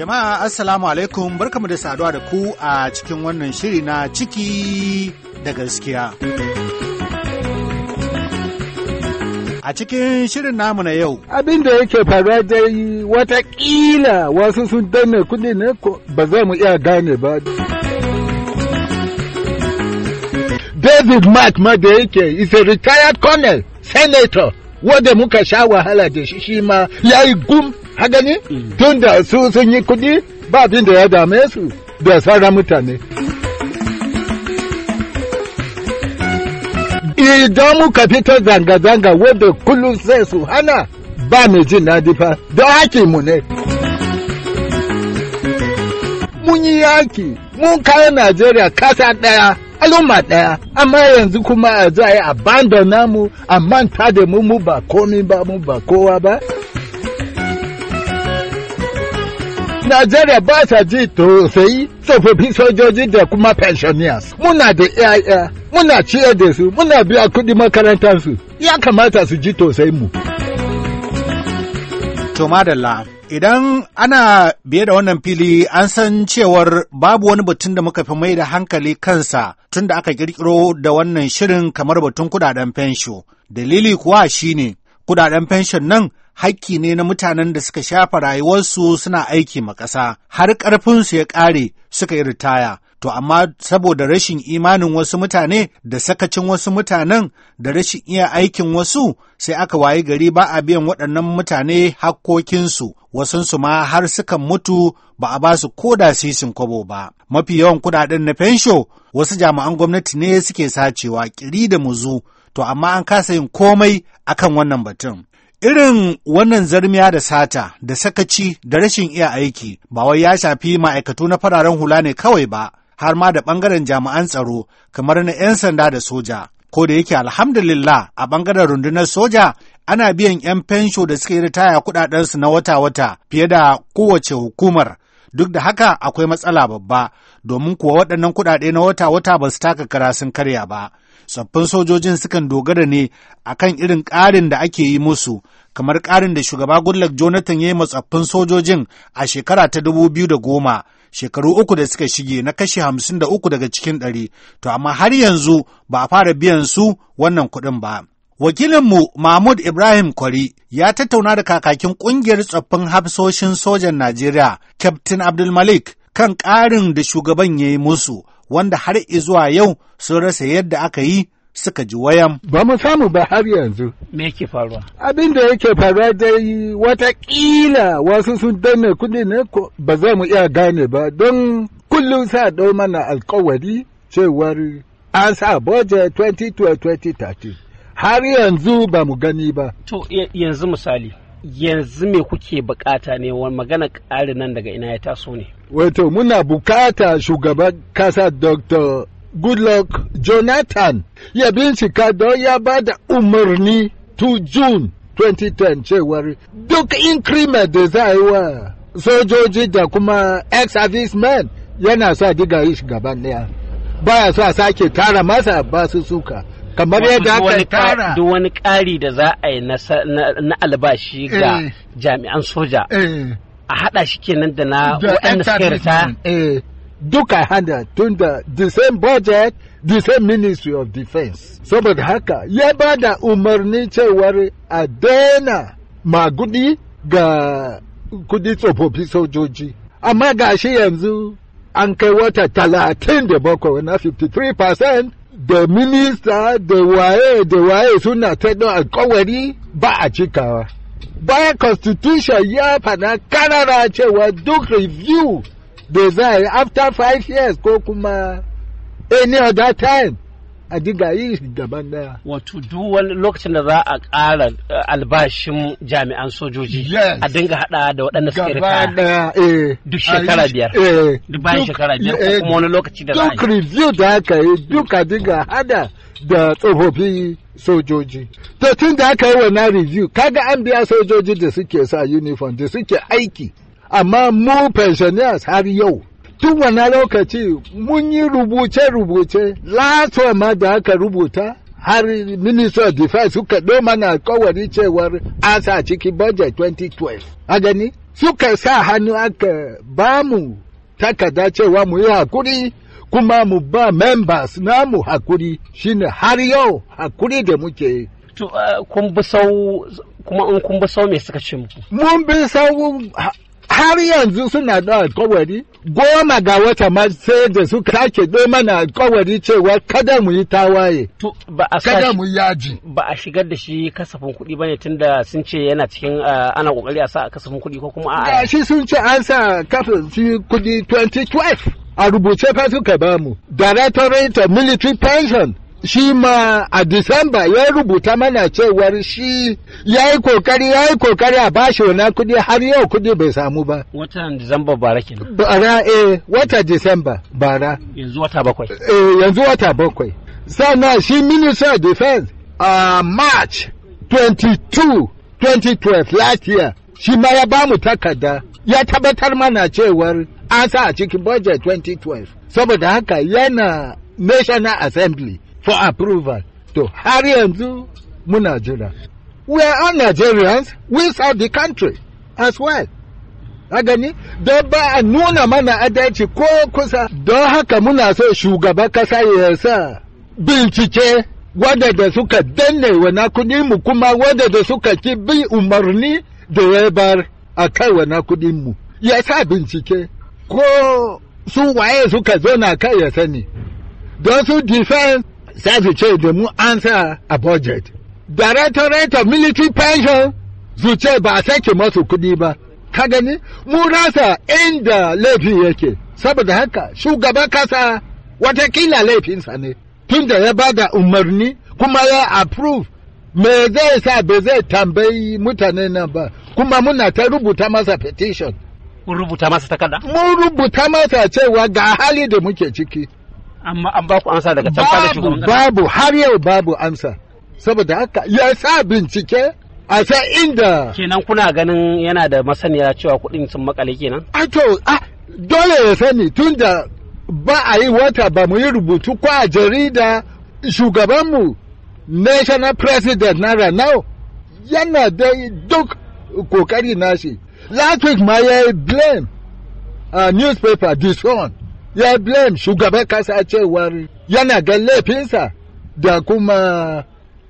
Jama'a Assalamu alaikum barkamu da saduwa da ku a cikin wannan shiri na ciki da gaskiya. A cikin shirin namu na yau. Abin da yake faruwa dai watakila wasu sun danne kuɗi ne ba za mu iya gane ba. David Mark ma da yake is a retired colonel, senator, wanda muka sha wahala da shi shi ma ya yi gum haka ne mm. tun da su sun yi kuɗi ba abin da ya dame su da sauran mutane idan muka fita zanga-zanga wadda kullum sai su hana ba mai jin daɗi fa don haƙi mu ne mun yi yaki mun kawo najeriya kasa ɗaya al'umma ɗaya amma yanzu kuma a za a yi abandon namu a manta da mu mu ba komi ba mu ba kowa ba Najeriya ba ta ji tausayi tsofaffin sojoji da kuma pensioners. Muna da ‘ya'ya, muna ciyar da su, muna biya kuɗi su Ya kamata su ji tausayin mu. To madalla, idan ana biye da wannan fili an san cewar babu wani batun da muka fi mai da hankali kansa tun da aka kirkiro da wannan shirin kamar batun kudaden fensho. Dalili kuwa shine kudaden fenshon nan hakki ne na mutanen da suka shafa rayuwarsu suna aiki ma ƙasa, har ƙarfinsu ya ƙare suka yi ritaya. To amma saboda rashin imanin wasu mutane da sakacin wasu mutanen da rashin iya aikin wasu sai aka wayi gari ba a biyan waɗannan mutane hakkokinsu, wasunsu ma har sukan mutu ba a ba su koda sisin kwabo ba. Mafi yawan kuɗaɗen na fensho wasu jami'an gwamnati ne suke sacewa ƙiri da muzu, to amma an kasa yin komai akan wannan batun. Irin wannan zarmiya da sata da sakaci da rashin iya aiki ba wai ya shafi ma'aikatu na fararen hula ne kawai ba, har ma da ɓangaren jami'an tsaro kamar na 'yan sanda da soja. Ko da yake alhamdulillah a ɓangaren rundunar soja ana biyan 'yan fensho da suka yi ritaya kuɗaɗensu na wata-wata fiye da kowace hukumar. Duk da haka akwai matsala babba, domin kuwa waɗannan kuɗaɗe na wata-wata ba su taka kara sun karya ba. Tsoffin sojojin sukan dogara ne a kan irin ƙarin da ake yi musu kamar ƙarin da shugaba Goodluck Jonathan ya yi tsoffin sojojin a shekara ta dubu biyu da goma. shekaru uku da suka shige na kashe hamsin da uku daga cikin ɗari, to amma har yanzu ba a fara biyan su wannan kuɗin ba. Wakilinmu Mahmud Ibrahim Kwari ya tattauna da kakakin ƙungiyar tsoffin hafsoshin sojan Najeriya, Captain Abdulmalik, kan ƙarin da shugaban ya yi musu, wanda har zuwa yau sun rasa yadda aka yi suka ji wayan. Ba mu samu ba har yanzu. Me yake faruwa? Abin da yake faruwa dai watakila wasu sun danne kuɗi ne ba za mu iya gane ba don kullum sa ɗau mana alkawari cewar an sa boje 2012-2013. Har yanzu ba mu gani ba. To yanzu misali. yanzu me kuke bukata ne wani magana ƙari nan daga ina ya taso ne wato muna bukata shugaban kasa dr goodluck jonathan ya bincika don ya ba da umarni to june 2010 cewar duk increment da za a yi wa sojoji da kuma ex-servicemen yana sa diga yi gaban daya baya sa sake tara masa ba su suka kamar yadda aka duk wani ƙari da za a yi na albashi eh. ga jami'an soja eh. a haɗa shi kenan da na waɗanda suka rita eh. duka hada tun da the same budget the same ministry of defense saboda haka ya ba da umarni cewar a daina magudi ga kudi tsofaffi sojoji amma gashi yanzu an kai wata talatin da bakwai na 53% da minista da waye da waye suna ta ɗan alkawari ba a cikawa bayan constitution ya faɗa kanara cewa duk review da za a yi after five years ko kuma any other time a diga yi gaban daya. Wato duk wani lokacin da za a ƙara eh, albashin jami'an sojoji a dinga haɗa da waɗanda suke rika eh. eh. duk shekara biyar. Duk bayan shekara biyar ko kuma wani lokaci da za a yi. Duk review da aka yi duka dinga haɗa da tsofaffi sojoji. To tun da aka yi wannan review kaga an biya sojoji da suke sa uniform da suke aiki. Amma mu pensioners har yau tun wannan lokaci mun yi rubuce-rubuce last ma da aka rubuta har ministry of defense suka mana na alkawari cewar asa ciki budget 2012 a gani suka sa hannu aka ba mu takarda cewa mu yi hakuri kuma mu ba members namu hakuri shine har yau hakuri da muke yi eh, kun bi sau kuma in kun bi sau me suka ce muku mun bi sau har yanzu suna da alkawari goma ga wata ma sai da su sake ɗo mana alkawari cewa kada mu yi tawaye kada mu yi yaji ba a shigar da shi kasafin kuɗi ba bane tunda sun ce yana cikin ana kokari a sa kasafin kuɗi ko kuma a shi sun ce an sa kasafin kuɗi 2012 a rubuce fa suka bamu directorate of military pension shi ma a Disamba ya rubuta mana cewar shi ya yi kokari ya yi kokari a bashi wani kudi har yau kudi bai samu ba. Watan Disamba bara ke Bara eh wata Disamba bara. Yanzu wata bakwai. Eh yanzu wata bakwai. Sannan shi Minister of Defense a uh, March 22 2012 last year shi ma ya bamu takarda ya tabbatar mana cewar an sa a cikin budget 2012 saboda haka yana National Assembly for approval. To har yanzu muna jira. We are all Nigerians, we serve the country as well. agani don ba a nuna mana adalci ko kusa don haka muna so shugaban kasa ya sa bincike da suka danne wana mu kuma da suka ki bi umarni da ya bar a kai wana mu Ya sa bincike ko su waye suka zo na kai ya sani. Don su defense safi ce da mu an a budget directorate of military pension Zuce ba a sake masu kuɗi ba ka gani mu rasa inda laifin yake saboda haka shugaban kasa watakila laifinsa ne tunda ya bada umarni kuma ya approve me zai sa be zai tambayi mutane nan ba kuma muna ta rubuta masa petition mun rubuta masa takarda mun rubuta masa cewa ga hali da muke ciki amma an ba ku amsa daga can fara babu har yau babu amsa saboda haka ya sa bincike a sa inda kenan kuna ganin yana da masaniya cewa kuɗin sun makale kenan a to a dole ya sani da ba a yi wata ba mu yi rubutu ko a jarida shugabanmu national president na ranau yana da duk kokari nashi last ma ya blame a newspaper the sun ya blame shugaban kasa cewar yana ga laifinsa da kuma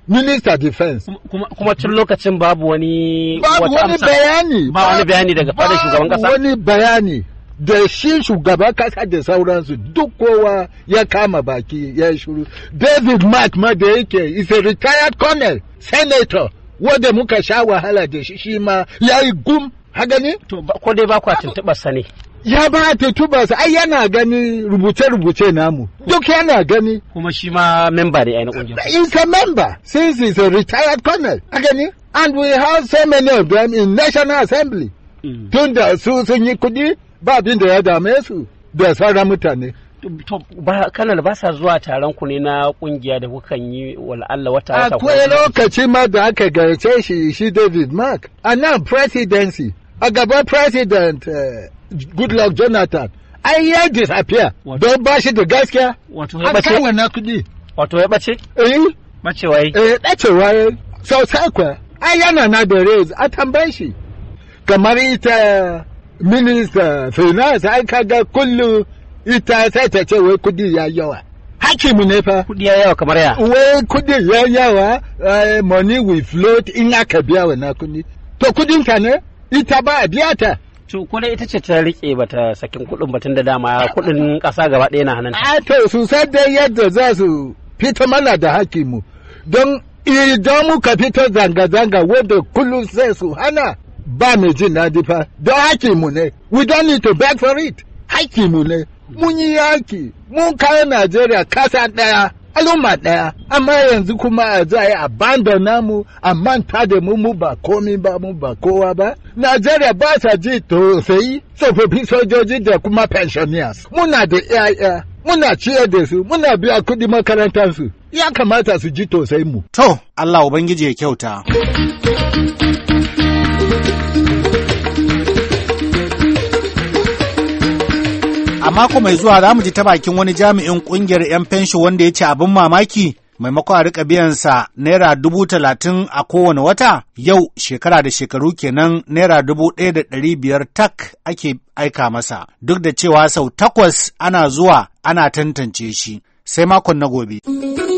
minister defense kuma, kuma tun lokacin babu wani wani bayani ba wani bayani daga fadar shugaban kasa wani bayani da shi shugaban kasa da sauransu duk kowa ya kama baki ya shuru david mark ma da yake is a retired colonel senator wanda muka sha wahala da shi shi ma ya yi gum hagani to ko dai ba kwa tuntuɓar sa ne ya ba ta tuba su ai yana gani rubuce-rubuce namu duk yana gani kuma shi ma member ne ai na kungiyar is a member since he's a retired colonel a gani and we have so many of them in national assembly mm. tun da su sun yi kudi ba abin da ya dame su da sauran mutane kanal ba sa zuwa taron ku ne na kungiya da kukan yi wal'alla wata wata akwai lokaci ma da aka gayyace shi shi david mark a nan presidency a gaban president eh, goodluck jonathan ai ya disappear don ba shi da gaskiya an kawo na kudi wato ya bace eh bacewa yi eh bacewa yi sau sakwa ai yana na da raise a tambaye shi kamar ita minista finance ai kaga kullu ita sai ta ce wai kudi ya yawa hakimu ne fa kudi ya yawa kamar ya wai kudi ya yawa eh, money will float in aka biya wa na kudi to kudin ka ne ita ba biya ta to kuma ita ce ta rike ta sakin kuɗin batun da dama kuɗin ƙasa gaba ɗaya na hannun a ah, to su dai yadda za su fita mana da mu don idan muka fita zanga-zanga wadda kullum sai su hana ba mu jin daɗi fa don mu ne we don't need to beg for it mu ne mun yi yaki mun kawo najeriya kasa ɗaya al'umma ɗaya amma yanzu kuma a za a yi abandon namu a manta da mu mu ba komi ba mu ba kowa ba Najeriya ba sa ji tausayi tsofaffin sojoji da kuma pensioners muna da yaya muna ciyar da su muna biya kuɗi makarantarsu ya kamata su ji tosai mu to Allah ubangiji ya kyauta A mako mai zuwa za mu ji ta bakin wani jami'in kungiyar 'yan fenshi wanda ya ce abin mamaki maimakon a rika biyansa naira dubu talatin a kowane wata yau shekara da shekaru kenan naira dubu ɗaya da ɗari biyar tak ake aika masa duk da cewa sau takwas ana zuwa ana tantance shi sai makon na gobe.